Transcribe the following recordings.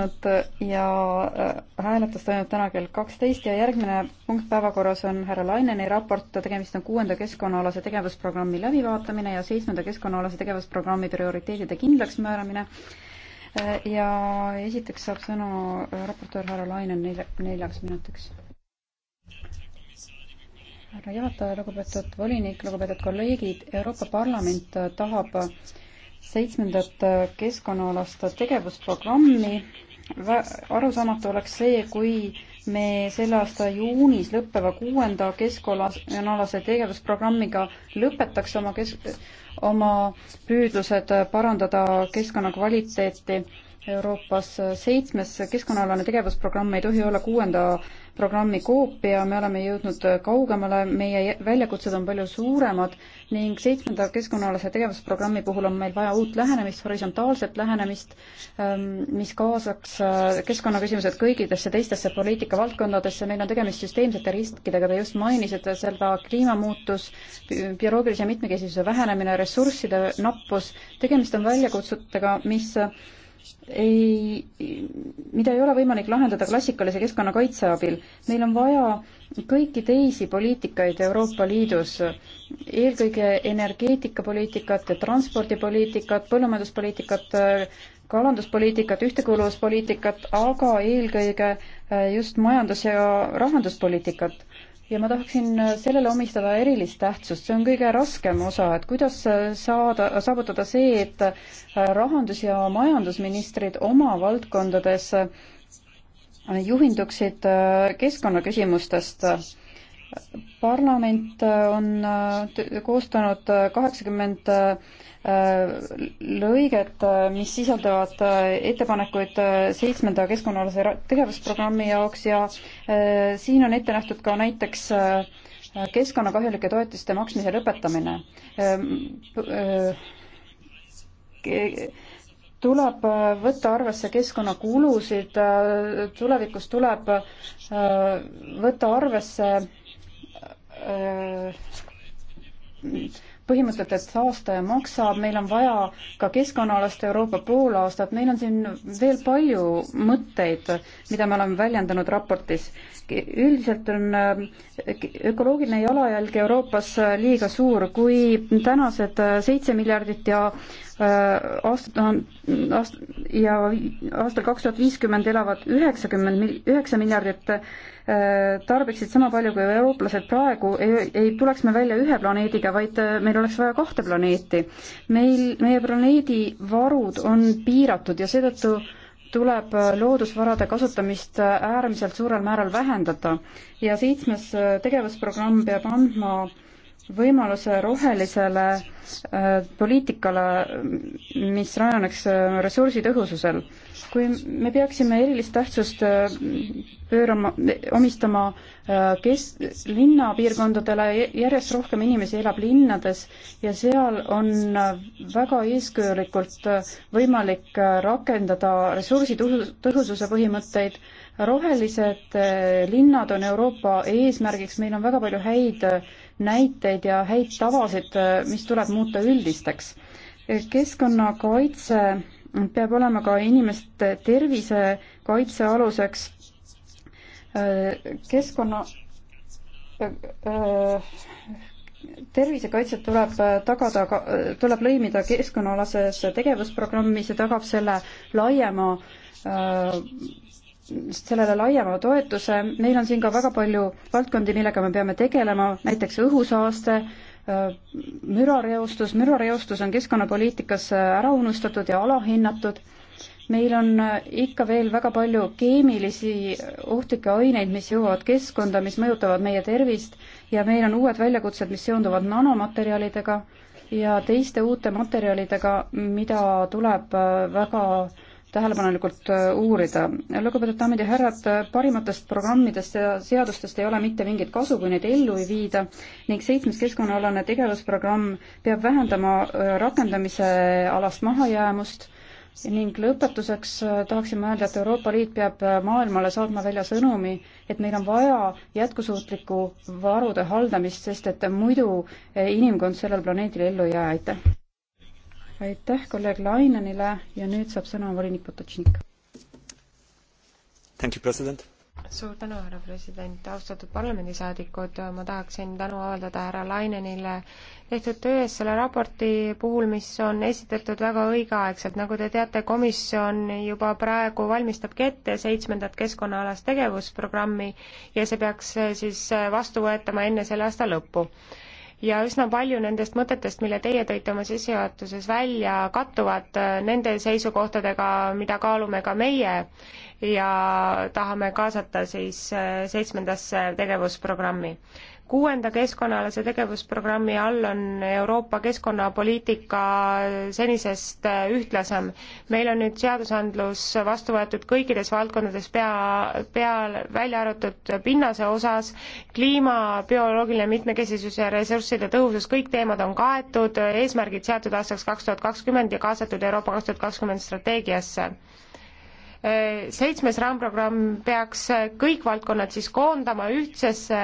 lõppenud ja äh, hääletus toimub täna kell kaksteist ja järgmine punkt päevakorras on härra Laineni raport, tegemist on kuuenda keskkonnaalase tegevusprogrammi läbivaatamine ja seitsmenda keskkonnaalase tegevusprogrammi prioriteedide kindlaksmääramine. Äh, ja esiteks saab sõna äh, raportöör härra Lainen nelja, neljaks minutiks. härra juhataja, lugupeetud volinik, lugupeetud kolleegid, Euroopa Parlament tahab äh, seitsmendat äh, keskkonnaalast tegevusprogrammi. arusaamatu oleks see, kui me selle aasta juunis lõppeva kuuenda keskkonnaalase tegevusprogrammiga lõpetaks oma kes-, oma püüdlused parandada keskkonna kvaliteeti Euroopas. seitsmes keskkonnaalane tegevusprogramm ei tohi olla kuuenda programmi koopia, me oleme jõudnud kaugemale, meie väljakutsed on palju suuremad ning seitsmenda keskkonnaalase tegevusprogrammi puhul on meil vaja uut lähenemist, horisontaalset lähenemist, ähm, mis kaasaks äh, keskkonnaküsimused kõigidesse teistesse poliitikavaldkondadesse, meil on tegemist süsteemsete riskidega, te just mainisite seda, kliimamuutus, bioloogilise mitmekesisuse vähenemine, ressursside nappus, tegemist on väljakutsetega, mis äh, ei, mida ei ole võimalik lahendada klassikalise keskkonnakaitse abil. meil on vaja kõiki teisi poliitikaid Euroopa Liidus, eelkõige energeetikapoliitikat ja transpordipoliitikat, põllumajanduspoliitikat, kalanduspoliitikat, ühtekuuluvuspoliitikat, aga eelkõige just majandus- ja rahanduspoliitikat ja ma tahaksin sellele omistada erilist tähtsust, see on kõige raskem osa, et kuidas saada, saavutada see, et äh, rahandus- ja majandusministrid oma valdkondades äh, juhinduksid äh, keskkonnaküsimustest parlament on äh, koostanud äh, kaheksakümmend äh, lõiget, mis sisaldavad ettepanekuid seitsmenda keskkonnaalase tegevusprogrammi jaoks ja siin on ette nähtud ka näiteks keskkonnakahjulike toetuste maksmise lõpetamine. Ähm, tuleb võtta arvesse keskkonnakulusid, tulevikus tuleb võtta arvesse põhimõtet, et saastaja maksab, meil on vaja ka keskkonnaalast Euroopa poolaastat, meil on siin veel palju mõtteid, mida me oleme väljendanud raportis. üldiselt on äh, ökoloogiline jalajälg Euroopas liiga suur, kui tänased seitse miljardit ja Äh, aasta, noh, aast- ja aastal kaks tuhat viiskümmend elavad üheksakümmend, üheksa miljardit äh, tarbiksid sama palju kui eurooplased praegu, ei, ei tuleks me välja ühe planeediga, vaid äh, meil oleks vaja kahte planeeti. meil, meie planeedi varud on piiratud ja seetõttu tuleb loodusvarade kasutamist äärmiselt suurel määral vähendada ja seitsmes tegevusprogramm peab andma äh, võimaluse rohelisele äh, poliitikale, mis rajaneks äh, ressursitõhususel. kui me peaksime erilist tähtsust äh, pöörama, omistama kes-, linnapiirkondadele, järjest rohkem inimesi elab linnades ja seal on väga eeskujulikult võimalik rakendada ressursitõhususe põhimõtteid, rohelised linnad on Euroopa eesmärgiks, meil on väga palju häid näiteid ja häid tavasid, mis tuleb muuta üldisteks. keskkonnakaitse peab olema ka inimeste tervise kaitse aluseks. keskkonna tervisekaitset tuleb tagada, tuleb lõimida keskkonnaalases tegevusprogrammi, see tagab selle laiema sellele laiema toetuse, meil on siin ka väga palju valdkondi, millega me peame tegelema, näiteks õhusaaste, äh, mürareostus, mürareostus on keskkonnapoliitikas äh, ära unustatud ja alahinnatud, meil on äh, ikka veel väga palju keemilisi ohtlikke aineid, mis jõuavad keskkonda, mis mõjutavad meie tervist ja meil on uued väljakutsed, mis seonduvad nanomaterjalidega ja teiste uute materjalidega, mida tuleb väga äh, tähelepanelikult äh, uurida. lugupeetud daamid ja härrad, parimatest programmidest ja seadustest ei ole mitte mingit kasu, kui neid ellu ei viida ning seitsmes keskkonnaalane tegevusprogramm peab vähendama äh, rakendamise alast mahajäämust ning lõpetuseks äh, tahaksin ma öelda, et Euroopa Liit peab maailmale saatma välja sõnumi, et meil on vaja jätkusuutlikku varude haldamist, sest et muidu inimkond sellel planeedil ellu ei jää, aitäh! aitäh kolleeg Lainenile ja nüüd saab sõna volinik Potočnik. suur tänu, härra president, austatud parlamendisaadikud, ma tahaksin tänu avaldada härra Lainenile tehtud töö eest selle raporti puhul, mis on esitatud väga õigeaegselt, nagu te teate, komisjon juba praegu valmistabki ette seitsmendat keskkonnaalast tegevusprogrammi ja see peaks siis vastu võetama enne selle aasta lõppu ja üsna palju nendest mõtetest, mille teie tõite oma sissejuhatuses välja, kattuvad äh, nende seisukohtadega, mida kaalume ka meie ja tahame kaasata siis äh, seitsmendasse tegevusprogrammi kuuenda keskkonnaalase tegevusprogrammi all on Euroopa keskkonnapoliitika senisest äh, ühtlasem. meil on nüüd seadusandlus vastu võetud kõikides valdkondades pea, pea, välja arvatud pinnase osas, kliima, bioloogiline mitmekesisus ja ressursside tõhusus, kõik teemad on kaetud, eesmärgid seatud aastaks kaks tuhat kakskümmend ja kaasatud Euroopa kaks tuhat kakskümmend strateegiasse seitsmes raamprogramm peaks kõik valdkonnad siis koondama ühtsesse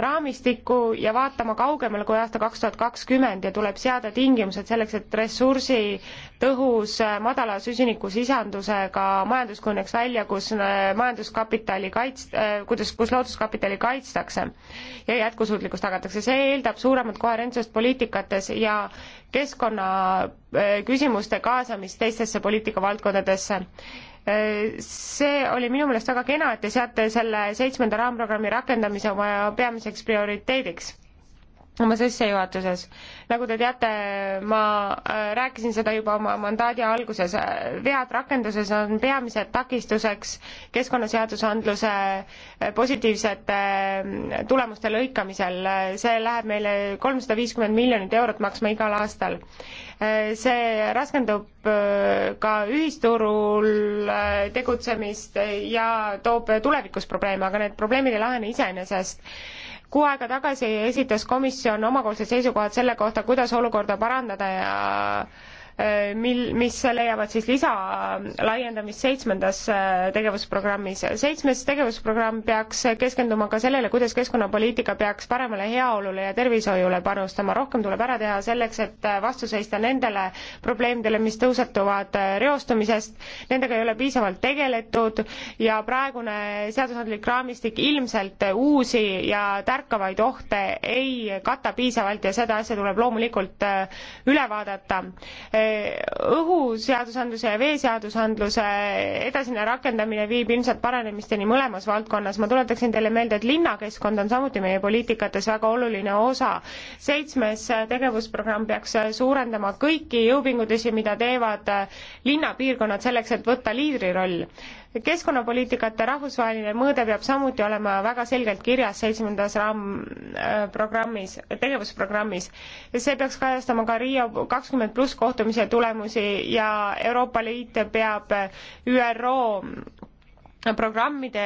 raamistikku ja vaatama kaugemale kui aasta kaks tuhat kakskümmend ja tuleb seada tingimused selleks, et ressursitõhus, madala süsinikusisandusega majandus kujuneks välja, kus äh, majanduskapitali kaits-, äh, kuidas, kus looduskapitali kaitstakse ja jätkusuutlikkus tagatakse. see eeldab suuremat koherentsust poliitikates ja keskkonnaküsimuste äh, kaasamist teistesse poliitikavaldkondadesse see oli minu meelest väga kena, et te seate selle seitsmenda raamprogrammi rakendamise oma peamiseks prioriteediks oma sissejuhatuses. nagu te teate, ma äh, rääkisin seda juba oma mandaadi alguses, äh, vead rakenduses on peamised takistuseks keskkonnaseadusandluse äh, positiivsete tulemuste lõikamisel. see läheb meile kolmsada viiskümmend miljonit eurot maksma igal aastal. see raskendab ka ühisturul tegutsemist ja toob tulevikus probleeme, aga need probleemid ei lahene iseenesest kuu aega tagasi esitas komisjon omapoolsed seisukohad selle kohta, kuidas olukorda parandada ja Äh, mil, mis leiavad siis lisa äh, laiendamist seitsmendas äh, tegevusprogrammis. seitsmes tegevusprogramm peaks keskenduma ka sellele, kuidas keskkonnapoliitika peaks paremale heaolule ja tervishoiule panustama. rohkem tuleb ära teha selleks, et vastu seista nendele probleemidele, mis tõusetuvad reostumisest. Nendega ei ole piisavalt tegeletud ja praegune seadusandlik raamistik ilmselt uusi ja tärkavaid ohte ei kata piisavalt ja seda asja tuleb loomulikult üle vaadata õhuseadusandluse ja veeseadusandluse edasine rakendamine viib ilmselt paranemisteni mõlemas valdkonnas. ma tuletaksin teile meelde, et linnakeskkond on samuti meie poliitikates väga oluline osa. seitsmes tegevusprogramm peaks suurendama kõiki jõupingutusi, mida teevad linnapiirkonnad selleks, et võtta liidriroll keskkonnapoliitikate rahvusvaheline mõõde peab samuti olema väga selgelt kirjas seitsmendas raamprogrammis, äh, tegevusprogrammis. see peaks kajastama ka Rio kakskümmend pluss kohtumise tulemusi ja Euroopa Liit peab äh, ÜRO programmide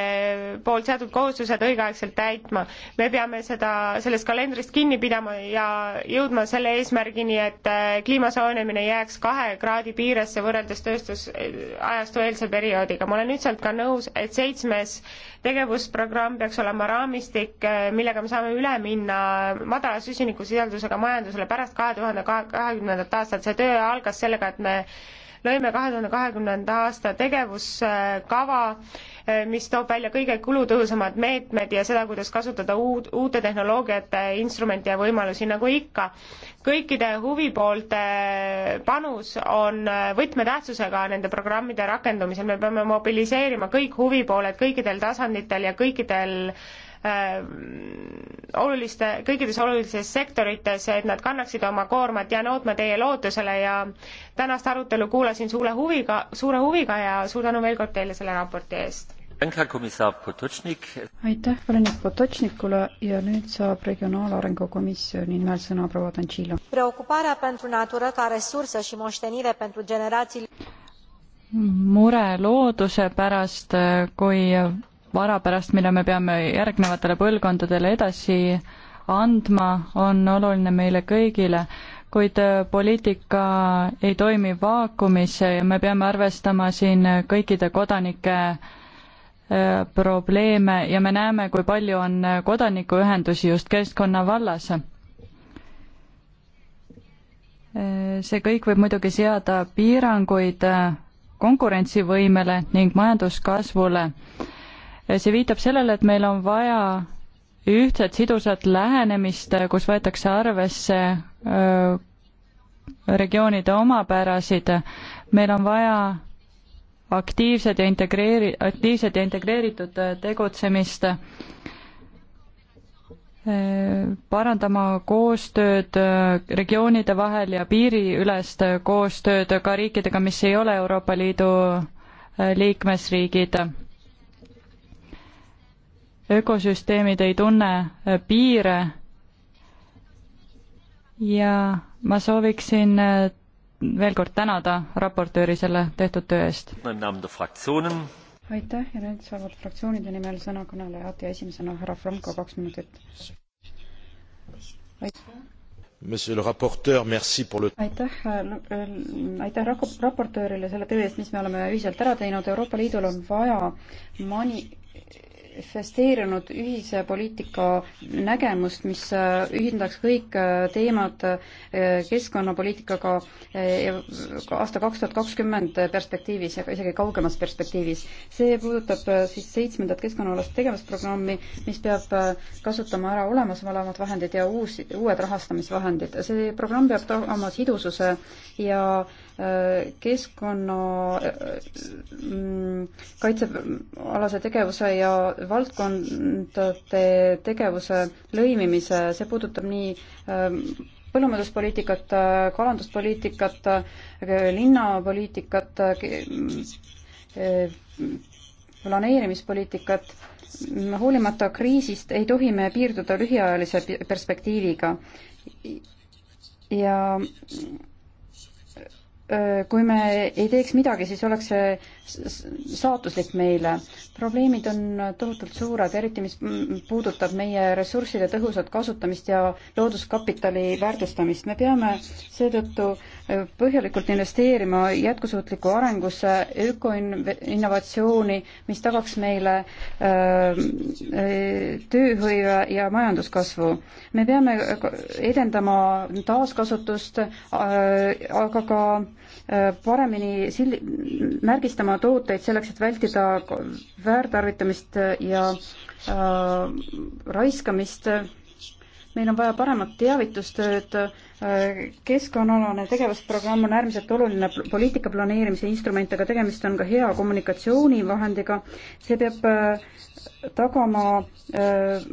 poolt seatud kohustused õigeaegselt täitma. me peame seda, sellest kalendrist kinni pidama ja jõudma selle eesmärgini, et äh, kliima soojenemine jääks kahe kraadi piiresse võrreldes tööstusajastu äh, eelse perioodiga. ma olen üldiselt ka nõus, et seitsmes tegevusprogramm peaks olema raamistik, äh, millega me saame üle minna madala süsinikusisaldusega majandusele pärast kahe tuhande kahekümnendat aastat. see töö algas sellega, et me lõime kahe tuhande kahekümnenda aasta tegevuskava, mis toob välja kõige kulutõhusamad meetmed ja seda, kuidas kasutada uut, uute tehnoloogiate instrumente ja võimalusi, nagu ikka. kõikide huvipoolte panus on võtmetähtsusega nende programmide rakendumisel, me peame mobiliseerima kõik huvipooled kõikidel tasanditel ja kõikidel äh, Äh, oluliste, kõikides olulistes sektorites, et nad kannaksid oma koormat, jään ootma teie lootusele ja tänast arutelu kuulasin suure huviga, suure huviga ja suur tänu veel kord teile selle raporti eest. aitäh volinik Potočnikule ja nüüd saab Regionaalarengu Komisjoni nimel sõna proua Tantšilo. mure looduse pärast, kui vara pärast, mille me peame järgnevatele põlvkondadele edasi andma, on oluline meile kõigile, kuid äh, poliitika ei toimi vaakumis ja me peame arvestama siin kõikide kodanike äh, probleeme ja me näeme, kui palju on äh, kodanikuühendusi just keskkonna vallas. see kõik võib muidugi seada piiranguid konkurentsivõimele ning majanduskasvule see viitab sellele, et meil on vaja ühtset sidusat lähenemist, kus võetakse arvesse regioonide omapärasid, meil on vaja aktiivsed ja integreeri-, aktiivset ja integreeritud tegutsemist, parandama koostööd regioonide vahel ja piiriülest koostööd ka riikidega, mis ei ole Euroopa Liidu liikmesriigid ökosüsteemid ei tunne äh, piire ja ma sooviksin äh, veel kord tänada raportööri selle tehtud töö eest. aitäh ja nüüd saavad fraktsioonide nimel sõna kõnelejad ja esimesena härra Franco, kaks minutit. Monsieur le rapporteur, merci pour le aitäh, äh, aitäh raportöörile selle töö eest, mis me oleme ühiselt ära teinud, Euroopa Liidul on vaja mani-, manifesteerinud ühise poliitika nägemust, mis äh, ühindaks kõik äh, teemad äh, keskkonnapoliitikaga aasta kaks tuhat kakskümmend perspektiivis ja isegi kaugemas perspektiivis. see puudutab siis seitsmendat keskkonnaalast tegevusprogrammi, mis peab kasutama ära olemasolevad vahendid ja uus, uued rahastamisvahendid. see programm peab tagama sidususe ja äh, keskkonnakaitsealase mm, tegevuse ja valdkondade tegevuse lõimimise, see puudutab nii ähm, põllumajanduspoliitikat, kalanduspoliitikat, linnapoliitikat, äh, planeerimispoliitikat, hoolimata kriisist ei tohi me piirduda lühiajalise perspektiiviga. ja kui me ei teeks midagi, siis oleks see saatuslik meile. probleemid on tohutult suured, eriti mis puudutab meie ressursside tõhusat kasutamist ja looduskapitali väärtustamist. me peame seetõttu põhjalikult investeerima jätkusuutlikku arengusse, ökoinnovatsiooni, mis tagaks meile äh, äh, tööhõive ja majanduskasvu. me peame edendama taaskasutust, äh, aga ka paremini sild-, märgistama oma tooteid selleks, et vältida väärtarvitamist ja äh, raiskamist. meil on vaja paremat teavitustööd äh, keskkonnaalane tegevusprogramm on äärmiselt oluline poliitika planeerimise instrument, aga tegemist on ka hea kommunikatsioonivahendiga. see peab äh, tagama äh,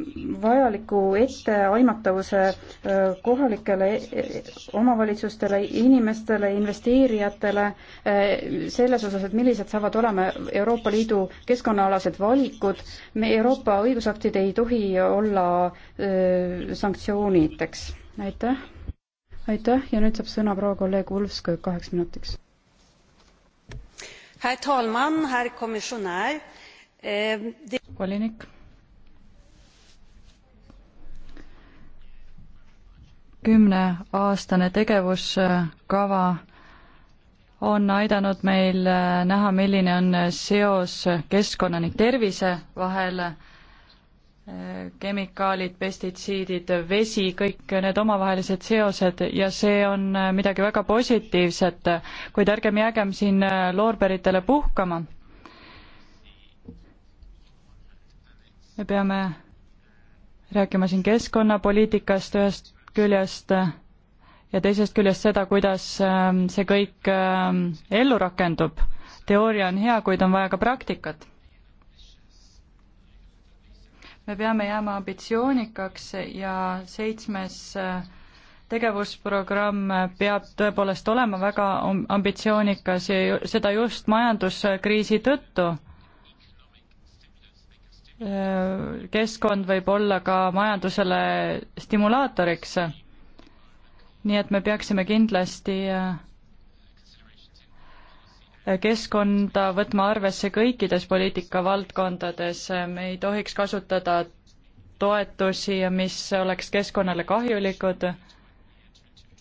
vajaliku etteaimatavuse äh, kohalikele e-, e-, omavalitsustele, inimestele, investeerijatele selles osas, et millised saavad olema Euroopa Liidu keskkonnaalased valikud. me Euroopa õigusaktid ei tohi olla sanktsioonideks. aitäh aitäh ja nüüd saab sõna proua kolleeg Ulfskõi kaheks minutiks. Eh, volinik. kümneaastane tegevuskava on aidanud meil näha, milline on seos keskkonna ning tervise vahel kemikaalid, pestitsiidid, vesi, kõik need omavahelised seosed ja see on äh, midagi väga positiivset, kuid ärgem jäägem siin äh, loorberitele puhkama. me peame rääkima siin keskkonnapoliitikast ühest küljest ja teisest küljest seda, kuidas ähm, see kõik ähm, ellu rakendub. teooria on hea, kuid on vaja ka praktikat me peame jääma ambitsioonikaks ja seitsmes äh, tegevusprogramm peab tõepoolest olema väga ambitsioonikas ja seda just majanduskriisi tõttu. Äh, keskkond võib olla ka majandusele stimulaatoriks. nii et me peaksime kindlasti äh, keskkonda võtma arvesse kõikides poliitikavaldkondades, me ei tohiks kasutada toetusi, mis oleks keskkonnale kahjulikud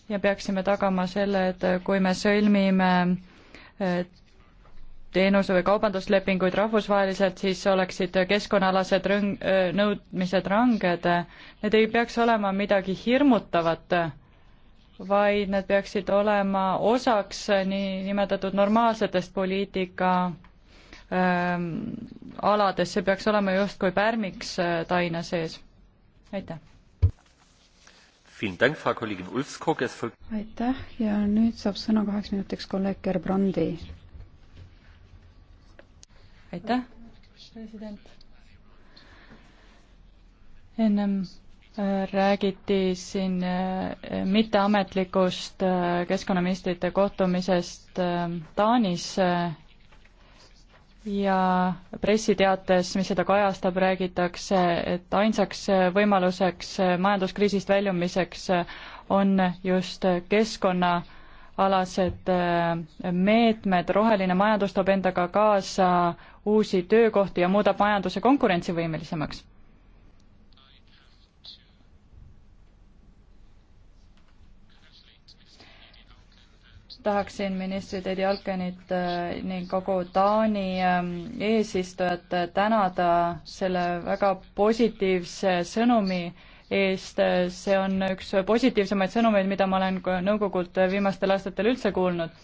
ja peaksime tagama selle, et kui me sõlmime eh, teenuse- või kaubanduslepinguid rahvusvaheliselt, siis oleksid keskkonnaalased rõng-, eh, nõudmised ranged. Need ei peaks olema midagi hirmutavat vaid need peaksid olema osaks niinimetatud normaalsetest poliitika ähm, alades, see peaks olema justkui pärmiks äh, taina sees. aitäh! aitäh ja nüüd saab sõna kaheks minutiks kolleeg Gerbrandi. aitäh, president. ennem räägiti siin äh, mitteametlikust äh, keskkonnaministrite kohtumisest äh, Taanis ja pressiteates, mis seda kajastab, räägitakse, et ainsaks võimaluseks majanduskriisist väljumiseks on just keskkonnaalased meetmed, roheline majandus toob endaga kaasa uusi töökohti ja muudab majanduse konkurentsivõimelisemaks. tahaksin ministrit Edi Alkenit äh, ning kogu Taani ähm, eesistujat äh, tänada selle väga positiivse sõnumi eest, see on üks positiivsemaid sõnumeid, mida ma olen nõukogult viimastel aastatel üldse kuulnud.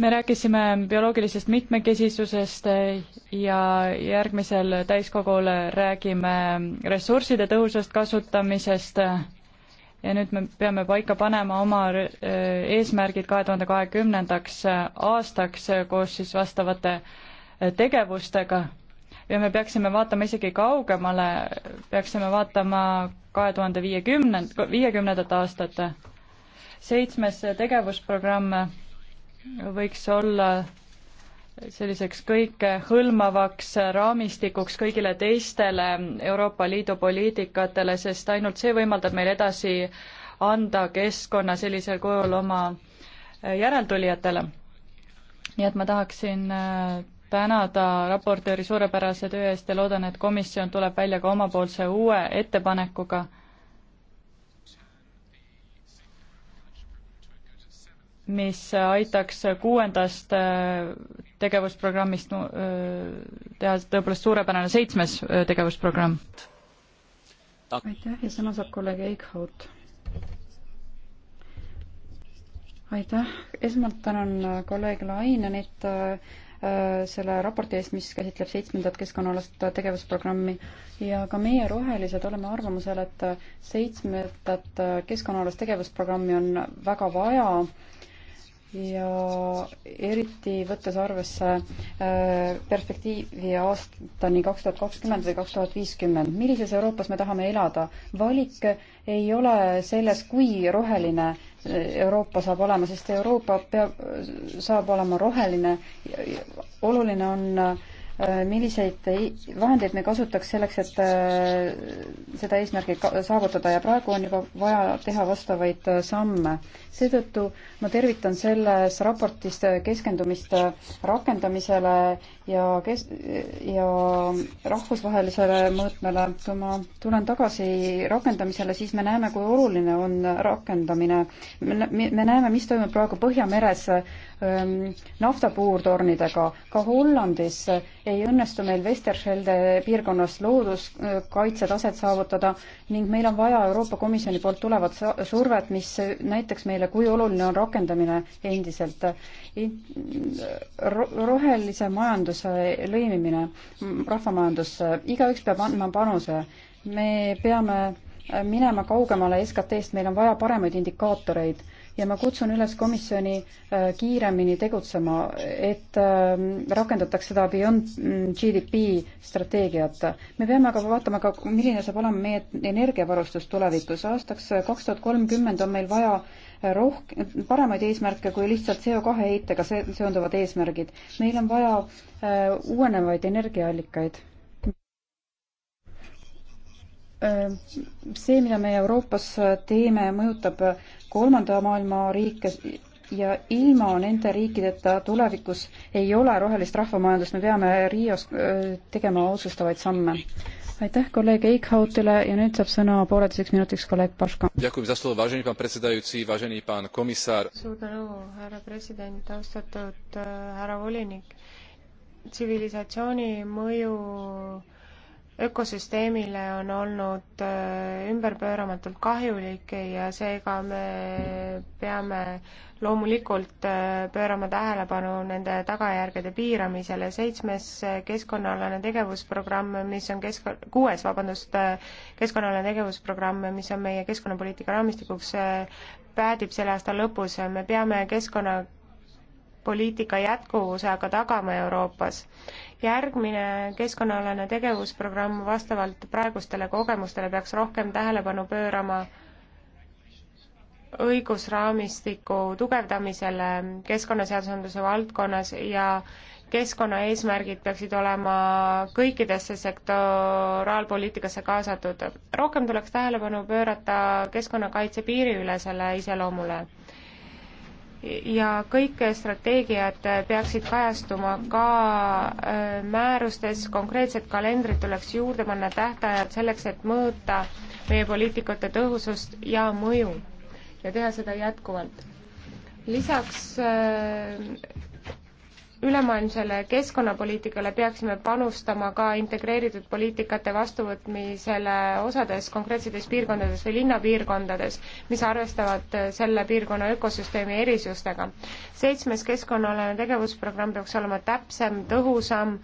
me rääkisime bioloogilisest mitmekesisusest äh, ja järgmisel täiskogul räägime ressursside tõhusast kasutamisest ja nüüd me peame paika panema oma äh, eesmärgid kahe tuhande kahekümnendaks äh, aastaks äh, koos siis vastavate tegevustega ja me peaksime vaatama isegi kaugemale, peaksime vaatama kahe tuhande viiekümnend, viiekümnendat aastat. seitsmes tegevusprogramm võiks olla selliseks kõikehõlmavaks raamistikuks kõigile teistele Euroopa Liidu poliitikatele, sest ainult see võimaldab meil edasi anda keskkonna sellisel kujul oma järeltulijatele. nii et ma tahaksin äh, tänada raportööri suurepärase töö eest ja loodan, et komisjon tuleb välja ka omapoolse uue ettepanekuga mis aitaks kuuendast äh, tegevusprogrammist äh, teha tõepoolest suurepärane seitsmes äh, tegevusprogramm. aitäh ja sõna saab kolleeg Eichhout. aitäh, esmalt tänan kolleeg Lainenit selle raporti eest, mis käsitleb seitsmendat keskkonnaalast tegevusprogrammi ja ka meie rohelised oleme arvamusel, et seitsmendat keskkonnaalast tegevusprogrammi on väga vaja ja eriti võttes arvesse äh, perspektiivi aastani kaks tuhat kakskümmend või kaks tuhat viiskümmend. millises Euroopas me tahame elada? valik ei ole selles, kui roheline äh, Euroopa saab olema, sest Euroopa peab, saab olema roheline. oluline on äh, Äh, milliseid vahendeid me kasutaks selleks, et äh, seda eesmärgi saavutada ja praegu on juba vaja teha vastavaid äh, samme. seetõttu ma tervitan selles raportis keskendumist rakendamisele ja kes- ja rahvusvahelisele mõõtmele. kui ma tulen tagasi rakendamisele, siis me näeme, kui oluline on rakendamine. me näeme, mis toimub praegu Põhjameres ähm, naftapuurtornidega. ka Hollandis ei õnnestu meil Westerschelde piirkonnas looduskaitsetaset saavutada ning meil on vaja Euroopa Komisjoni poolt tulevat survet, mis näitaks meile, kui oluline on rakendamine endiselt. rohelise majanduse majanduse lõimimine rahvamajandusse, igaüks peab andma panuse. me peame minema kaugemale SKT-st, meil on vaja paremaid indikaatoreid ja ma kutsun üles komisjoni äh, kiiremini tegutsema, et ähm, rakendataks seda Beyond mm, GDP strateegiat. me peame aga vaatama ka, milline saab olema meie energiavarustus tulevikus. aastaks äh, kaks tuhat kolmkümmend on meil vaja rohk-, paremaid eesmärke kui lihtsalt CO2 heitega seonduvad eesmärgid. meil on vaja äh, uuenevaid energiaallikaid äh,. see, mida me Euroopas teeme, mõjutab kolmanda maailma riike ja ilma nende riikideta tulevikus ei ole rohelist rahvamajandust, me peame Riios äh, tegema otsustavaid samme aitäh kolleeg Eichhautile ja nüüd saab sõna pooleteiseks minutiks kolleeg Paška. suur tänu, härra president, austatud äh, härra volinik. tsivilisatsiooni mõju ökosüsteemile on olnud äh, ümberpööramatult kahjulik ja seega me peame loomulikult äh, pöörama tähelepanu nende tagajärgede piiramisele. seitsmes äh, keskkonnaalane tegevusprogramm, mis on kesk-, kuues, vabandust, keskkonnaalane tegevusprogramm, mis on meie keskkonnapoliitika raamistikuks, päädib selle aasta lõpus. me peame keskkonna poliitika jätkuvuse aga tagama Euroopas järgmine keskkonnaalane tegevusprogramm vastavalt praegustele kogemustele peaks rohkem tähelepanu pöörama õigusraamistiku tugevdamisele keskkonnaseadusandluse valdkonnas ja keskkonnaeesmärgid peaksid olema kõikidesse sektoraalpoliitikasse kaasatud. rohkem tuleks tähelepanu pöörata keskkonnakaitse piiriülesele iseloomule ja kõik strateegiad peaksid kajastuma ka äh, määrustes, konkreetsed kalendrid tuleks juurde panna, tähtajad selleks, et mõõta meie poliitikute tõhusust ja mõju ja teha seda jätkuvalt. lisaks äh, ülemaailmsele keskkonnapoliitikale peaksime panustama ka integreeritud poliitikate vastuvõtmisele osades konkreetsetes piirkondades või linnapiirkondades, mis arvestavad selle piirkonna ökosüsteemi erisustega. seitsmes keskkonnaalane tegevusprogramm peaks olema täpsem, tõhusam,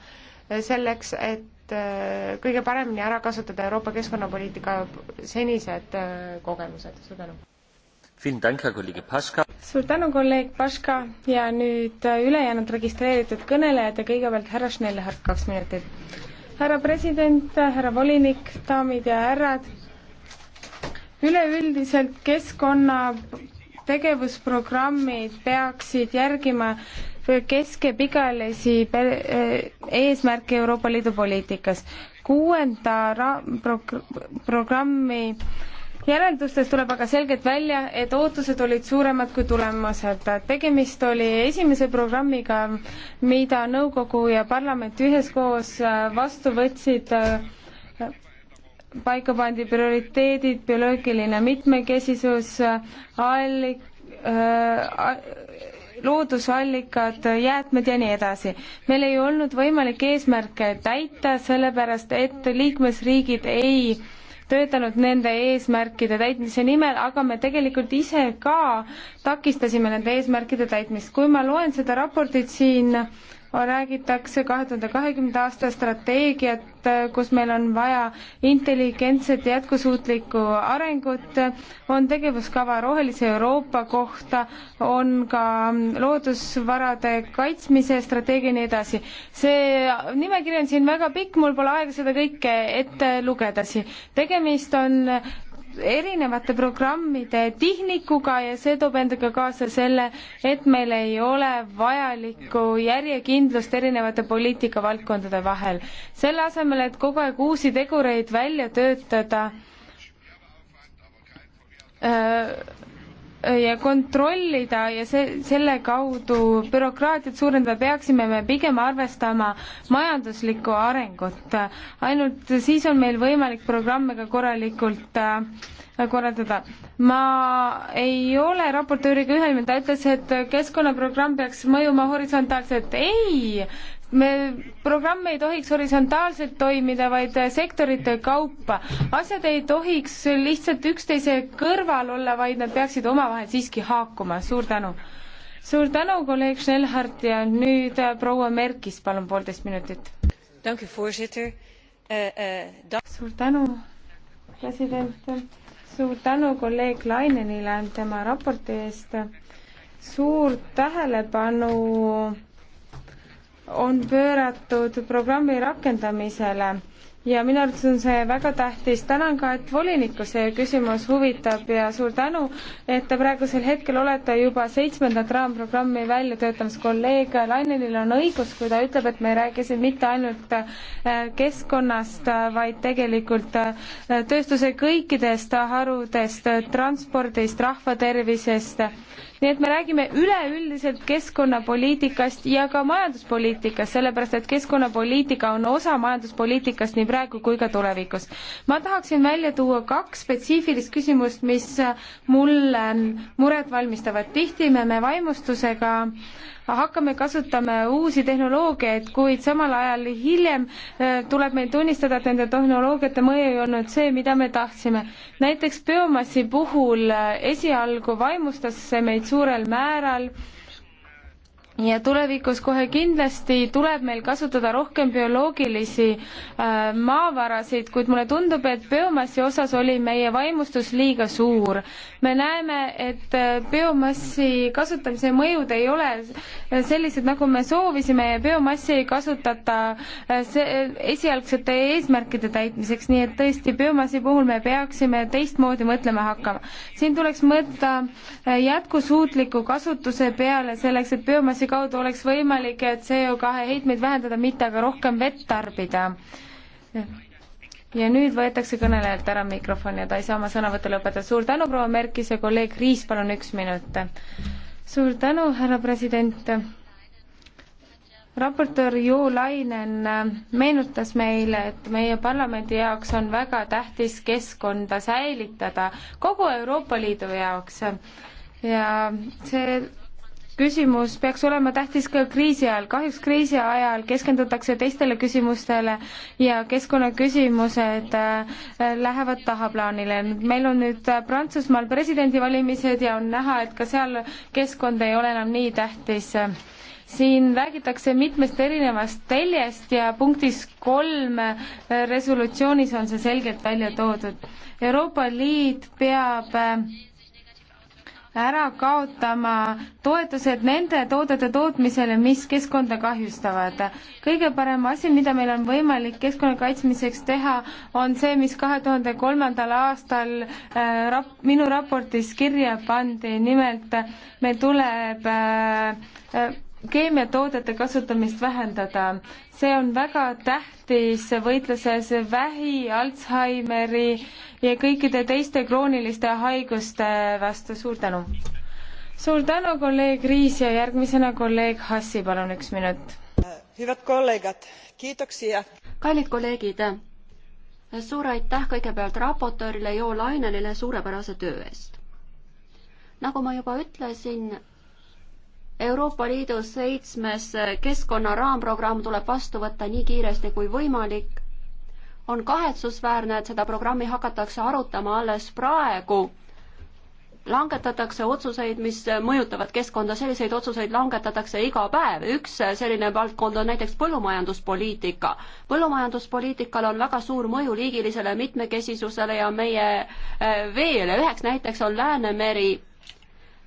selleks, et äh, kõige paremini ära kasutada Euroopa keskkonnapoliitika senised äh, kogemused. suur tänu! suur tänu, kolleeg Paška ja nüüd äh, ülejäänud registreeritud kõnelejad ja kõigepealt härra Schnellhardt, kaks minutit. härra president, äh, härra volinik, daamid ja härrad, üleüldiselt keskkonna tegevusprogrammid peaksid järgima keske-pigalisi äh, eesmärke Euroopa Liidu poliitikas. kuuenda ra-, pro-, programmi järeldustes tuleb aga selgelt välja, et ootused olid suuremad kui tulemused. tegemist oli esimese programmiga, mida nõukogu ja parlament üheskoos äh, vastu võtsid äh, paika pandi prioriteedid, bioloogiline mitmekesisus, allik- äh,, loodusallikad, jäätmed ja nii edasi. meil ei olnud võimalik eesmärke täita, sellepärast et liikmesriigid ei äh, töötanud nende eesmärkide täitmise nimel, aga me tegelikult ise ka takistasime nende eesmärkide täitmist. kui ma loen seda raportit siin räägitakse kahe tuhande kahekümnenda aasta strateegiat, kus meil on vaja intelligentset jätkusuutlikku arengut, on tegevuskava Rohelise Euroopa kohta, on ka loodusvarade kaitsmise strateegia ja nii edasi. see nimekiri on siin väga pikk, mul pole aega seda kõike ette lugeda siin. tegemist on erinevate programmide tihnikuga ja see toob endaga kaasa selle, et meil ei ole vajalikku järjekindlust erinevate poliitikavaldkondade vahel. selle asemel, et kogu aeg uusi tegureid välja töötada, äh, ja kontrollida ja see, selle kaudu bürokraatiat suurendada, peaksime me pigem arvestama majanduslikku arengut. ainult siis on meil võimalik programme ka korralikult äh, korraldada. ma ei ole raportööriga ühel meelel, ta ütles, et keskkonnaprogramm peaks mõjuma horisontaalselt. ei, me, programm ei tohiks horisontaalselt toimida, vaid sektorite kaupa. asjad ei tohiks lihtsalt üksteise kõrval olla, vaid nad peaksid omavahel siiski haakuma, suur tänu. suur tänu, kolleeg Schnellhardt ja nüüd äh, proua Merkis, palun poolteist minutit. Eh, eh, suur tänu, president, suur tänu kolleeg Lainenile tema raporti eest, suurt tähelepanu on pööratud programmi rakendamisele ja minu arvates on see väga tähtis. tänan ka, et volinikku see küsimus huvitab ja suur tänu, et te praegusel hetkel olete juba seitsmendat raamprogrammi välja töötamas. kolleeg Lainelil on õigus, kui ta ütleb, et me ei räägi siin mitte ainult äh, keskkonnast, vaid tegelikult äh, tööstuse kõikidest harudest, transpordist, rahvatervisest nii et me räägime üleüldiselt keskkonnapoliitikast ja ka majanduspoliitikast, sellepärast et keskkonnapoliitika on osa majanduspoliitikast nii praegu kui ka tulevikus. ma tahaksin välja tuua kaks spetsiifilist küsimust, mis mulle muret valmistavad. tihti me, me vaimustusega äh, hakkame kasutama uusi tehnoloogiaid, kuid samal ajal hiljem äh, tuleb meil tunnistada, et nende tehnoloogiate mõju ei olnud see, mida me tahtsime. näiteks biomassi puhul äh, esialgu vaimustas see meid suurel määral ja tulevikus kohe kindlasti tuleb meil kasutada rohkem bioloogilisi äh, maavarasid, kuid mulle tundub, et biomassi osas oli meie vaimustus liiga suur. me näeme, et äh, biomassi kasutamise mõjud ei ole äh, sellised, nagu me soovisime ja biomassi ei kasutata äh, see, esialgsete eesmärkide täitmiseks, nii et tõesti, biomassi puhul me peaksime teistmoodi mõtlema hakkama. siin tuleks mõelda jätkusuutliku kasutuse peale selleks, et biomassi ressursi kaudu oleks võimalik CO2 heitmeid vähendada, mitte aga rohkem vett tarbida. ja nüüd võetakse kõnelejalt ära mikrofon ja ta ei saa oma sõnavõttu lõpetada. suur tänu, proua Merkis ja kolleeg Riis, palun üks minut. suur tänu, härra president raportöör Jo Lainen meenutas meile, et meie parlamendi jaoks on väga tähtis keskkonda säilitada kogu Euroopa Liidu jaoks ja see küsimus peaks olema tähtis ka kriisi ajal. kahjuks kriisi ajal keskendutakse teistele küsimustele ja keskkonnaküsimused äh, lähevad tahaplaanile. meil on nüüd äh, Prantsusmaal presidendivalimised ja on näha, et ka seal keskkond ei ole enam nii tähtis siin räägitakse mitmest erinevast teljest ja punktis kolm äh, resolutsioonis on see selgelt välja toodud. Euroopa Liit peab ära kaotama toetused nende toodete tootmisele, mis keskkonda kahjustavad. kõige parem asi, mida meil on võimalik keskkonna kaitsmiseks teha, on see, mis kahe tuhande kolmandal aastal äh, rap-, minu raportis kirja pandi, nimelt meil tuleb äh, äh, keemiatoodete kasutamist vähendada. see on väga tähtis võitluses vähi, Alzheimeri ja kõikide teiste krooniliste haiguste vastu. suur tänu! suur tänu, kolleeg Riis ja järgmisena kolleeg Hassi, palun üks minut. head kolleegid, kiitoksia! kallid kolleegid, suur aitäh kõigepealt raportöörile Jo Lainelile suurepärase töö eest! nagu ma juba ütlesin, Euroopa Liidu seitsmes keskkonna raamprogramm tuleb vastu võtta nii kiiresti kui võimalik. on kahetsusväärne, et seda programmi hakatakse arutama alles praegu. langetatakse otsuseid, mis mõjutavad keskkonda, selliseid otsuseid langetatakse iga päev. üks selline valdkond on näiteks põllumajanduspoliitika. põllumajanduspoliitikal on väga suur mõju liigilisele mitmekesisusele ja meie eh, veele. üheks näiteks on Läänemeri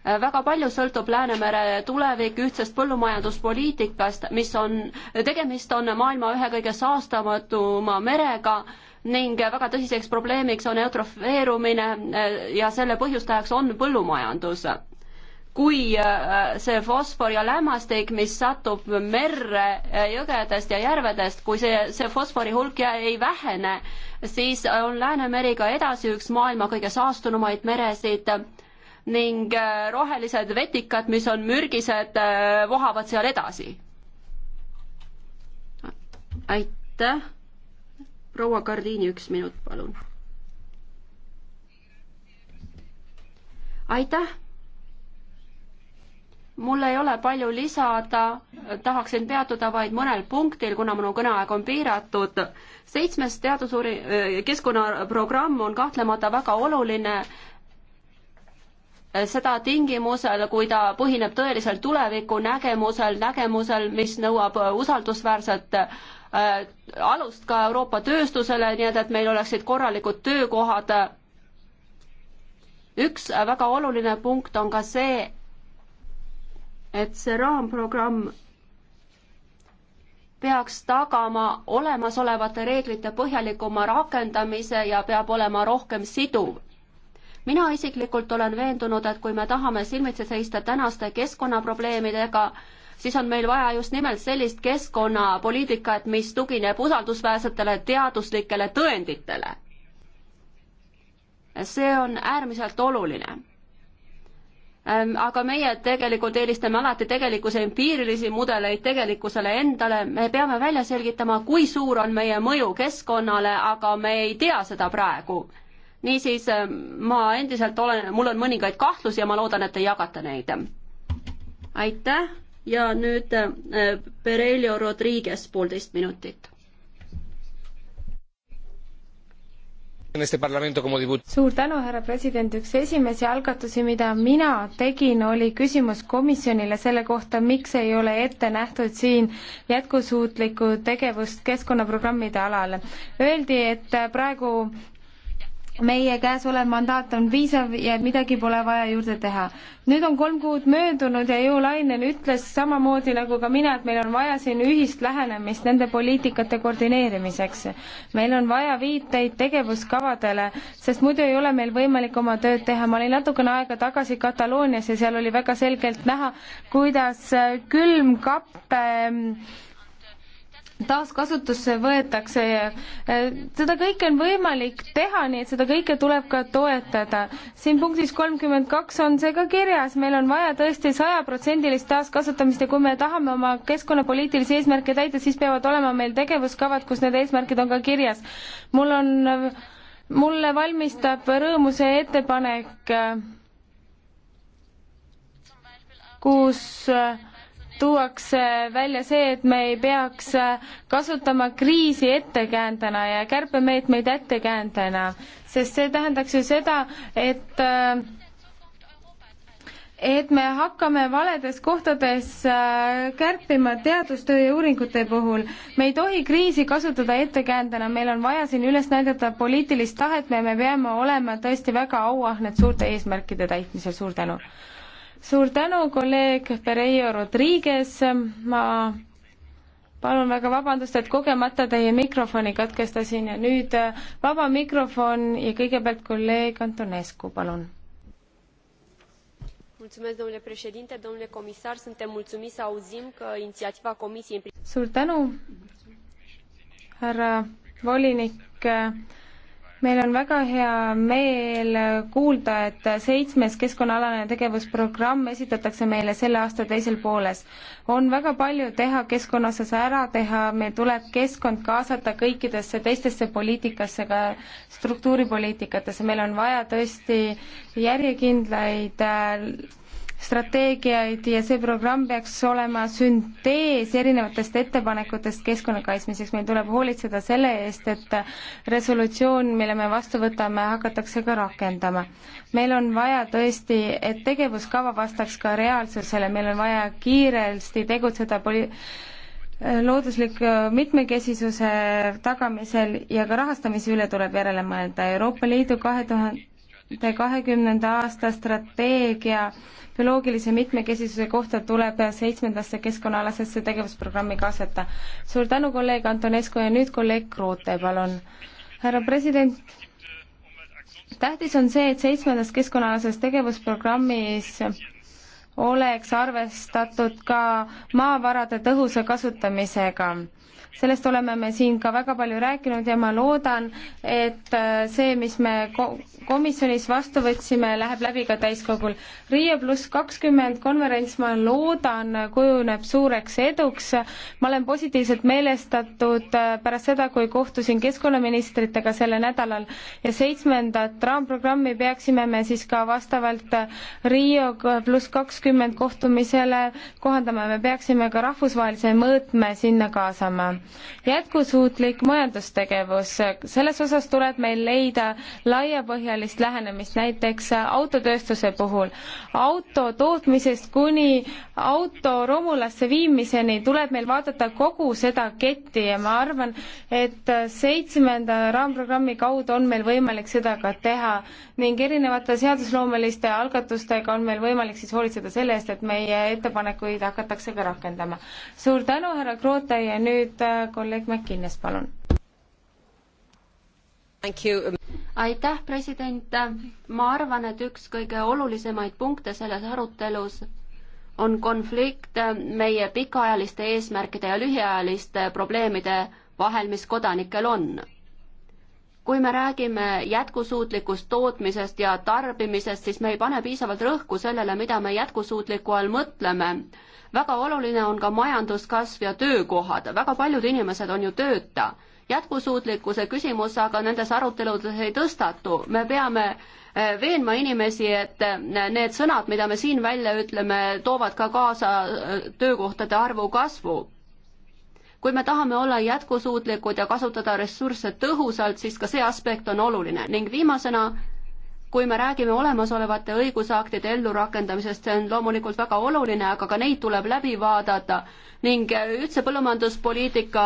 väga palju sõltub Läänemere tulevik ühtsest põllumajanduspoliitikast, mis on, tegemist on maailma ühe kõige saastamatuma merega ning väga tõsiseks probleemiks on eutrofeerumine eh, ja selle põhjustajaks on põllumajandus. kui eh, see fosfor ja lämmastik, mis satub merre eh, jõgedest ja järvedest, kui see, see fosfori hulk ei vähene, siis on Läänemeri ka edasi üks maailma kõige saastunumaid meresid ning äh, rohelised vetikad, mis on mürgised, äh, vohavad seal edasi. aitäh. proua Gardiini, üks minut, palun. aitäh. mul ei ole palju lisada, tahaksin peatuda vaid mõnel punktil, kuna minu kõneaeg on piiratud. seitsmes teadusuuri-, äh, keskkonnaprogramm on kahtlemata väga oluline Äh, seda tingimusel, kui ta põhineb tõeliselt tulevikunägemusel, nägemusel, mis nõuab äh, usaldusväärset äh, alust ka Euroopa tööstusele, nii et, et meil oleksid korralikud töökohad. üks väga oluline punkt on ka see, et see raamprogramm peaks tagama olemasolevate reeglite põhjalikuma rakendamise ja peab olema rohkem siduv mina isiklikult olen veendunud, et kui me tahame silmitsi seista tänaste keskkonnaprobleemidega, siis on meil vaja just nimelt sellist keskkonnapoliitikat, mis tugineb usaldusväärsetele teaduslikele tõenditele. see on äärmiselt oluline ehm, aga meie tegelikult eelistame alati tegelikkuse empiirilisi mudeleid tegelikkusele endale, me peame välja selgitama, kui suur on meie mõju keskkonnale, aga me ei tea seda praegu niisiis äh, ma endiselt olen, mul on mõningaid kahtlusi ja ma loodan, et te jagate neid. aitäh ja nüüd äh, Perelio Rodriguez, poolteist minutit. suur tänu, härra president, üks esimesi algatusi, mida mina tegin, oli küsimus komisjonile selle kohta, miks ei ole ette nähtud siin jätkusuutlikku tegevust keskkonnaprogrammide alal. Öeldi, et praegu meie käes olev mandaat on piisav ja midagi pole vaja juurde teha. nüüd on kolm kuud möödunud ja Jo Lainen ütles samamoodi nagu ka mina, et meil on vaja siin ühist lähenemist nende poliitikate koordineerimiseks. meil on vaja viiteid tegevuskavadele, sest muidu ei ole meil võimalik oma tööd teha. ma olin natukene aega tagasi Kataloonias ja seal oli väga selgelt näha, kuidas külmkappe äh, taaskasutusse võetakse ja äh, seda kõike on võimalik teha, nii et seda kõike tuleb ka toetada. siin punktis kolmkümmend kaks on see ka kirjas, meil on vaja tõesti sajaprotsendilist taaskasutamist ja kui me tahame oma keskkonnapoliitilisi eesmärke täita, siis peavad olema meil tegevuskavad, kus need eesmärgid on ka kirjas. mul on, mulle valmistab rõõmu see ettepanek, kus äh, tuuakse välja see, et me ei peaks kasutama kriisi ettekäändena ja kärpemeetmeid ettekäändena, sest see tähendaks ju seda, et et me hakkame valedes kohtades äh, kärpima teadustöö ja uuringute puhul. me ei tohi kriisi kasutada ettekäändena, meil on vaja siin üles näidata poliitilist tahet ja me peame olema tõesti väga auahned suurte eesmärkide täitmisel, suur tänu! suur tänu, kolleeg Pereio Rodriguez, ma palun väga vabandust, et kogemata teie mikrofoni katkestasin ja nüüd äh, vaba mikrofon ja kõigepealt kolleeg Antonescu, palun. suur tänu, härra volinik meil on väga hea meel kuulda, et seitsmes keskkonnaalane tegevusprogramm esitatakse meile selle aasta teisel pooles. on väga palju teha keskkonnas ära teha, meil tuleb keskkond kaasata kõikidesse teistesse poliitikasse, ka struktuuripoliitikatesse, meil on vaja tõesti järjekindlaid äh, strateegiaid ja see programm peaks olema süntees erinevatest ettepanekutest keskkonna kaitsmiseks. meil tuleb hoolitseda selle eest, et resolutsioon, mille me vastu võtame, hakatakse ka rakendama. meil on vaja tõesti, et tegevuskava vastaks ka reaalsusele, meil on vaja kiiresti tegutseda poli-, loodusliku mitmekesisuse tagamisel ja ka rahastamise üle tuleb järele mõelda. Euroopa Liidu kahe tuhande tuhande kahekümnenda aasta strateegia bioloogilise mitmekesisuse kohta tuleb seitsmendasse keskkonnaalasesse tegevusprogrammi kaasata. suur tänu, kolleeg Antonescu ja nüüd kolleeg Kroote, palun. härra president, tähtis on see, et seitsmendas keskkonnaalases tegevusprogrammis oleks arvestatud ka maavarade tõhusa kasutamisega. sellest oleme me siin ka väga palju rääkinud ja ma loodan, et äh, see, mis me komisjonis vastu võtsime, läheb läbi ka täiskogul. Riia pluss kakskümmend konverents, ma loodan, kujuneb suureks eduks. ma olen positiivselt meelestatud äh, pärast seda, kui kohtusin keskkonnaministritega sellel nädalal ja seitsmendat raamprogrammi peaksime me siis ka vastavalt äh, Riia pluss kakskümmend kakskümmend kohtumisele kohandama, me peaksime ka rahvusvahelise mõõtme sinna kaasama. jätkusuutlik majandustegevus, selles osas tuleb meil leida laiapõhjalist lähenemist, näiteks autotööstuse puhul. auto tootmisest kuni auto romulasse viimiseni tuleb meil vaadata kogu seda ketti ja ma arvan, et seitsmenda raamprogrammi kaudu on meil võimalik seda ka teha ning erinevate seadusloomeliste algatustega on meil võimalik siis hoolitseda hoolitseda selle eest, et meie ettepanekuid hakatakse ka rakendama. suur tänu, härra Kroote ja nüüd äh, kolleeg McInnes, palun. aitäh, president. ma arvan, et üks kõige olulisemaid punkte selles arutelus on konflikt meie pikaajaliste eesmärkide ja lühiajaliste probleemide vahel, mis kodanikel on kui me räägime jätkusuutlikust tootmisest ja tarbimisest, siis me ei pane piisavalt rõhku sellele, mida me jätkusuutliku all mõtleme. väga oluline on ka majanduskasv ja töökohad, väga paljud inimesed on ju tööta. jätkusuutlikkuse küsimus aga nendes aruteludes ei tõstatu, me peame eh, veenma inimesi, et eh, need sõnad, mida me siin välja ütleme, toovad ka kaasa eh, töökohtade arvu kasvu kui me tahame olla jätkusuutlikud ja kasutada ressursse tõhusalt, siis ka see aspekt on oluline ning viimasena kui me räägime olemasolevate õigusaktide ellurakendamisest, see on loomulikult väga oluline, aga ka neid tuleb läbi vaadata ning üldse põllumajanduspoliitika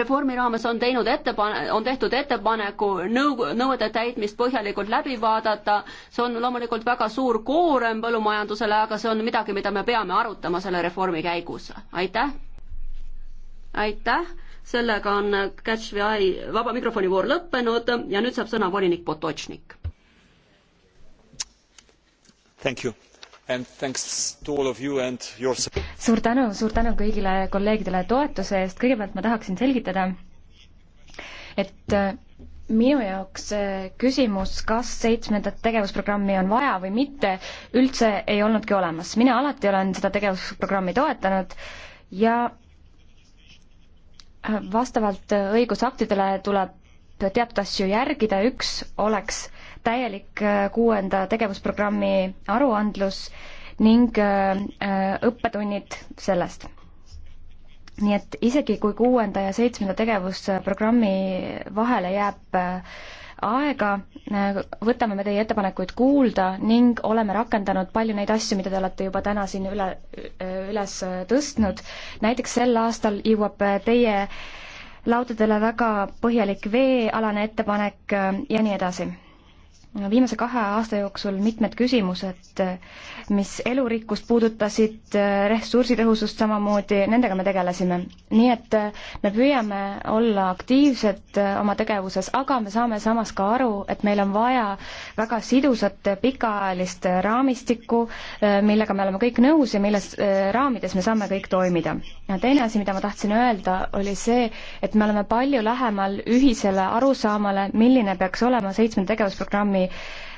reformi raames on teinud ettepane-, on tehtud ettepaneku nõu-, nõuete täitmist põhjalikult läbi vaadata, see on loomulikult väga suur koorem põllumajandusele, aga see on midagi, mida me peame arutama selle reformi käigus, aitäh! aitäh, sellega on Catch the Eye vaba mikrofoni voor lõppenud ja nüüd saab sõna volinik Potočnik. Thank you and thanks to all of you and your suur tänu, suur tänu kõigile kolleegidele toetuse eest, kõigepealt ma tahaksin selgitada, et äh, minu jaoks äh, küsimus, kas seitsmendat tegevusprogrammi on vaja või mitte, üldse ei olnudki olemas. mina alati olen seda tegevusprogrammi toetanud ja vastavalt õigusaktidele tuleb teatud asju järgida, üks oleks täielik äh, kuuenda tegevusprogrammi aruandlus ning äh, äh, õppetunnid sellest. nii et isegi, kui kuuenda ja seitsmenda tegevusprogrammi vahele jääb aega, äh, võtame me teie ettepanekuid kuulda ning oleme rakendanud palju neid asju, mida te olete juba täna siin üle, üles tõstnud. näiteks sel aastal jõuab teie laudadele väga põhjalik veealane ettepanek äh, ja nii edasi viimase kahe aasta jooksul mitmed küsimused, mis elurikkust puudutasid, ressursitõhusust samamoodi, nendega me tegelesime. nii et äh, me püüame olla aktiivsed äh, oma tegevuses, aga me saame samas ka aru, et meil on vaja väga sidusat äh, pikaajalist raamistikku, millega me oleme kõik nõus ja milles raamides me saame kõik toimida. ja teine asi, mida ma tahtsin öelda, oli see, et me oleme palju lähemal ühisele arusaamale, milline peaks olema seitsmenda tegevusprogrammi programmi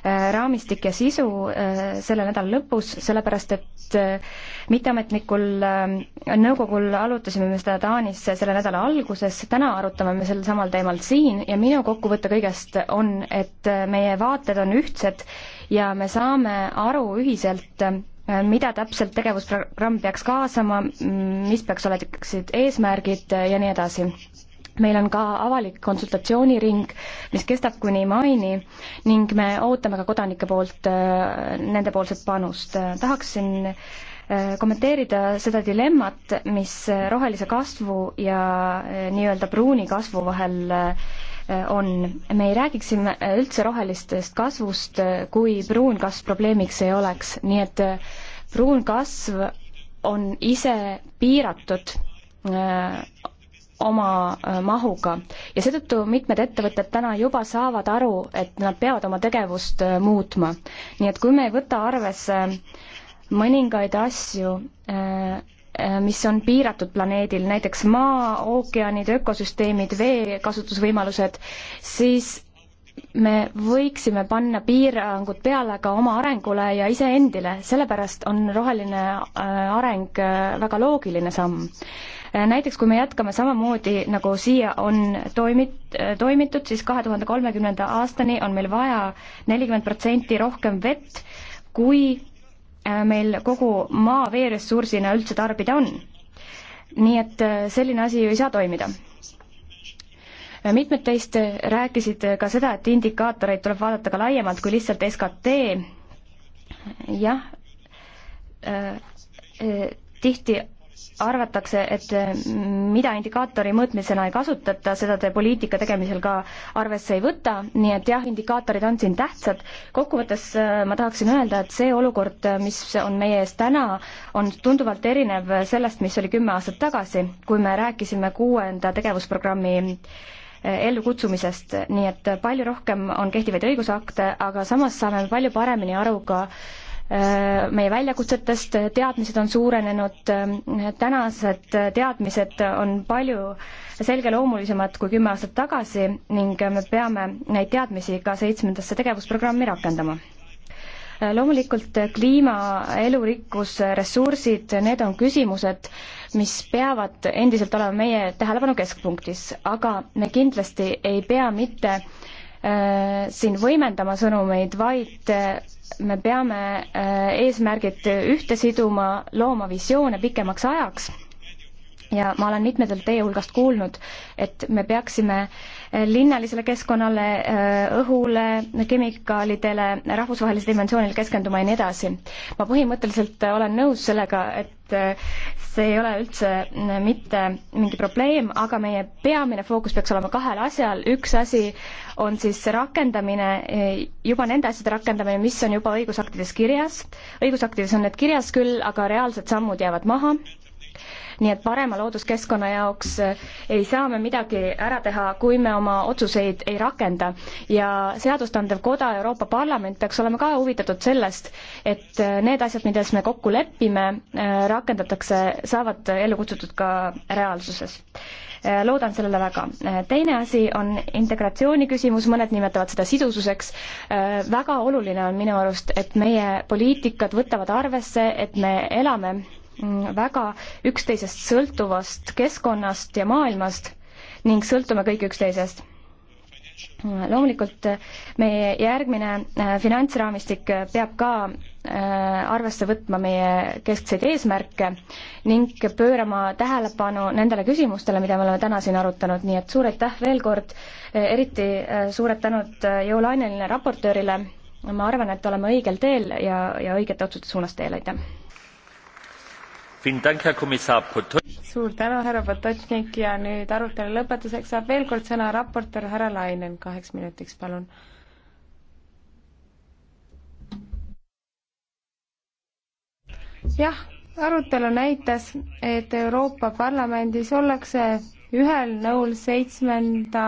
äh, raamistik ja sisu äh, selle nädala lõpus, sellepärast et äh, mitteametlikul nõukogul arutasime me seda Taanis selle nädala alguses, täna arutame me sel samal teemal siin ja minu kokkuvõte kõigest on, et meie vaated on ühtsed ja me saame aru ühiselt, mida täpselt tegevusprogramm peaks kaasama, mis peaks olema eesmärgid ja nii edasi sest meil on ka avalik konsultatsiooniring, mis kestab kuni maini ning me ootame ka kodanike poolt äh, nendepoolset panust. tahaksin äh, kommenteerida seda dilemmat, mis äh, rohelise kasvu ja nii-öelda pruuni kasvu vahel on, me ei räägiks siin üldse rohelistest kasvust, kui pruun kasv probleemiks ei oleks, nii et pruun kasv on ise piiratud oma äh, mahuga ja seetõttu mitmed ettevõtted täna juba saavad aru, et nad peavad oma tegevust äh, muutma. nii et kui me ei võta arvesse mõningaid asju, äh, mis on piiratud planeedil, näiteks maa, ookeanid, ökosüsteemid, veekasutusvõimalused, siis me võiksime panna piirangud peale ka oma arengule ja iseendile, sellepärast on roheline äh, areng äh, väga loogiline samm. Äh, näiteks kui me jätkame samamoodi, nagu siia on toimit-, toimitud, siis kahe tuhande kolmekümnenda aastani on meil vaja nelikümmend protsenti rohkem vett, kui meil kogu maa veeressursina üldse tarbida on. nii et selline asi ju ei saa toimida mitmed teist rääkisid ka seda, et indikaatoreid tuleb vaadata ka laiemalt kui lihtsalt SKT. jah, äh, äh, tihti arvatakse, et äh, mida indikaatori mõõtmisena ei kasutata, seda te poliitika tegemisel ka arvesse ei võta, nii et jah, indikaatorid on siin tähtsad. kokkuvõttes ma tahaksin öelda, et see olukord, mis on meie ees täna, on tunduvalt erinev sellest, mis oli kümme aastat tagasi, kui me rääkisime kuuenda tegevusprogrammi äh, ellukutsumisest, nii et palju rohkem on kehtivaid õigusakte, aga samas saame palju paremini aru ka äh, meie väljakutsetest, teadmised on suurenenud, tänased teadmised on palju selgeloomulisemad kui kümme aastat tagasi ning me peame neid teadmisi ka seitsmendasse tegevusprogrammi rakendama loomulikult kliima, elurikkus, ressursid, need on küsimused, mis peavad endiselt olema meie tähelepanu keskpunktis, aga me kindlasti ei pea mitte äh, siin võimendama sõnumeid, vaid äh, me peame äh, eesmärgid ühte siduma, looma visioone pikemaks ajaks ja ma olen mitmedelt teie hulgast kuulnud, et me peaksime äh, linnalisele keskkonnale, äh, õhule, kemikaalidele, rahvusvahelisele dimensioonile keskenduma ja nii edasi. ma põhimõtteliselt olen nõus sellega, et äh, see ei ole üldse äh, mitte mingi probleem, aga meie peamine fookus peaks olema kahel asjal, üks asi on siis rakendamine, juba nende asjade rakendamine, mis on juba õigusaktides kirjas, õigusaktides on need kirjas küll, aga reaalsed sammud jäävad maha nii et parema looduskeskkonna jaoks eh, ei saa me midagi ära teha, kui me oma otsuseid ei rakenda. ja seadustandev koda, Euroopa Parlament, peaks olema ka huvitatud sellest, et eh, need asjad, milles me kokku lepime, eh, rakendatakse, saavad ellu kutsutud ka reaalsuses loodan sellele väga. teine asi on integratsiooni küsimus, mõned nimetavad seda sidususeks. väga oluline on minu arust, et meie poliitikad võtavad arvesse, et me elame Mm, väga üksteisest sõltuvast keskkonnast ja maailmast ning sõltume kõik üksteisest. Mm, loomulikult eh, meie järgmine eh, finantsraamistik eh, peab ka arvesse võtma meie keskseid eesmärke ning pöörama tähelepanu nendele küsimustele, mida me oleme täna siin arutanud, nii et suur aitäh veel kord, eriti suured tänud Jo Lainelile raportöörile, ma arvan, et oleme õigel teel ja, ja õigete otsuste suunas teel, aitäh! suur tänu, härra Potočnik ja nüüd arutelu lõpetuseks saab veel kord sõna raportöör härra Lainen, kaheks minutiks, palun. jah, arutelu näitas, et Euroopa Parlamendis ollakse ühel nõul seitsmenda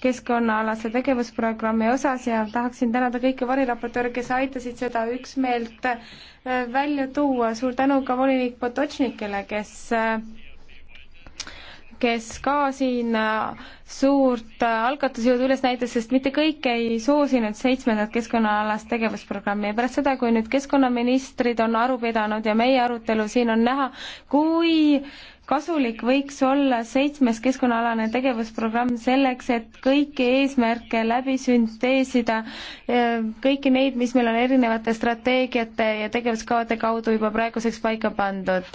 keskkonnaalase tegevusprogrammi osas ja tahaksin tänada kõiki variraportööre, kes aitasid seda üksmeelt äh, välja tuua. suur tänu ka volinik Potočnikele, kes äh, kes ka siin äh, suurt algatusjõudu üles näitas, sest mitte kõik ei soosinud seitsmendat keskkonnaalast tegevusprogrammi ja pärast seda, kui nüüd keskkonnaministrid on aru pidanud ja meie arutelu siin on näha, kui kasulik võiks olla seitsmes keskkonnaalane tegevusprogramm selleks, et kõiki eesmärke läbi sünteesida, eh, kõiki neid, mis meil on erinevate strateegiate ja tegevuskavade kaudu juba praeguseks paika pandud.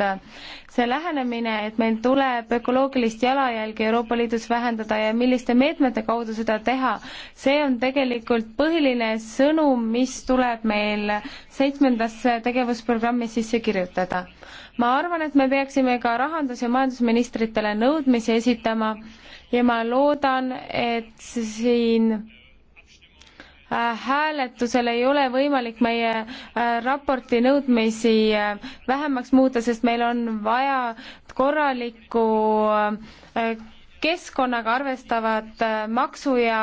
see lähenemine, et meil tuleb ökoloogilist jalajälge Euroopa Liidus vähendada ja milliste meetmete kaudu seda teha, see on tegelikult põhiline sõnum, mis tuleb meil seitsmendasse tegevusprogrammi sisse kirjutada ma arvan, et me peaksime ka rahandus- ja majandusministritele nõudmisi esitama ja ma loodan, et siin äh, hääletusel ei ole võimalik meie äh, raporti nõudmisi äh, vähemaks muuta, sest meil on vaja korralikku keskkonnaga arvestavat maksu ja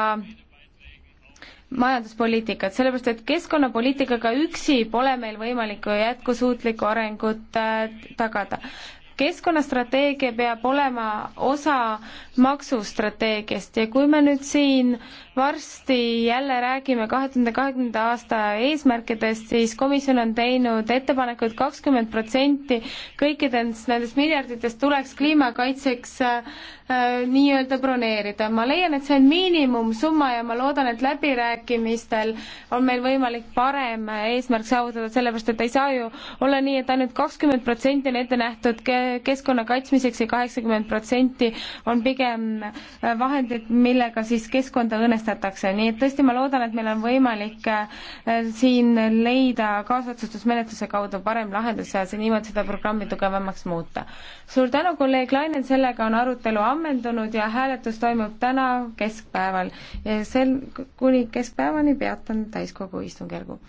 majanduspoliitikat, sellepärast et keskkonnapoliitikaga üksi pole meil võimalik jätkusuutlikku arengut äh, tagada keskkonnastrateegia peab olema osa maksustrateegiast ja kui me nüüd siin varsti jälle räägime kahe tuhande kahekümnenda aasta eesmärkidest, siis komisjon on teinud ettepaneku, et kakskümmend protsenti kõikidest nendest miljarditest tuleks kliimakaitseks äh, nii-öelda broneerida. ma leian, et see on miinimumsumma ja ma loodan, et läbirääkimistel on meil võimalik parem eesmärk saavutada, sellepärast et ei saa ju olla nii et, et ainult kakskümmend protsenti on ette nähtud keskkonna kaitsmiseks ja kaheksakümmend protsenti on pigem vahendid, millega siis keskkonda õõnestatakse, nii et tõesti ma loodan, et meil on võimalik äh, siin leida kaasotsustusmenetluse kaudu parem lahendus ja see niimoodi seda programmi tugevamaks muuta. suur tänu, kolleeg Lainel, sellega on arutelu ammendunud ja hääletus toimub täna keskpäeval. sel, kuni keskpäevani peatan täiskogu istungjärgu.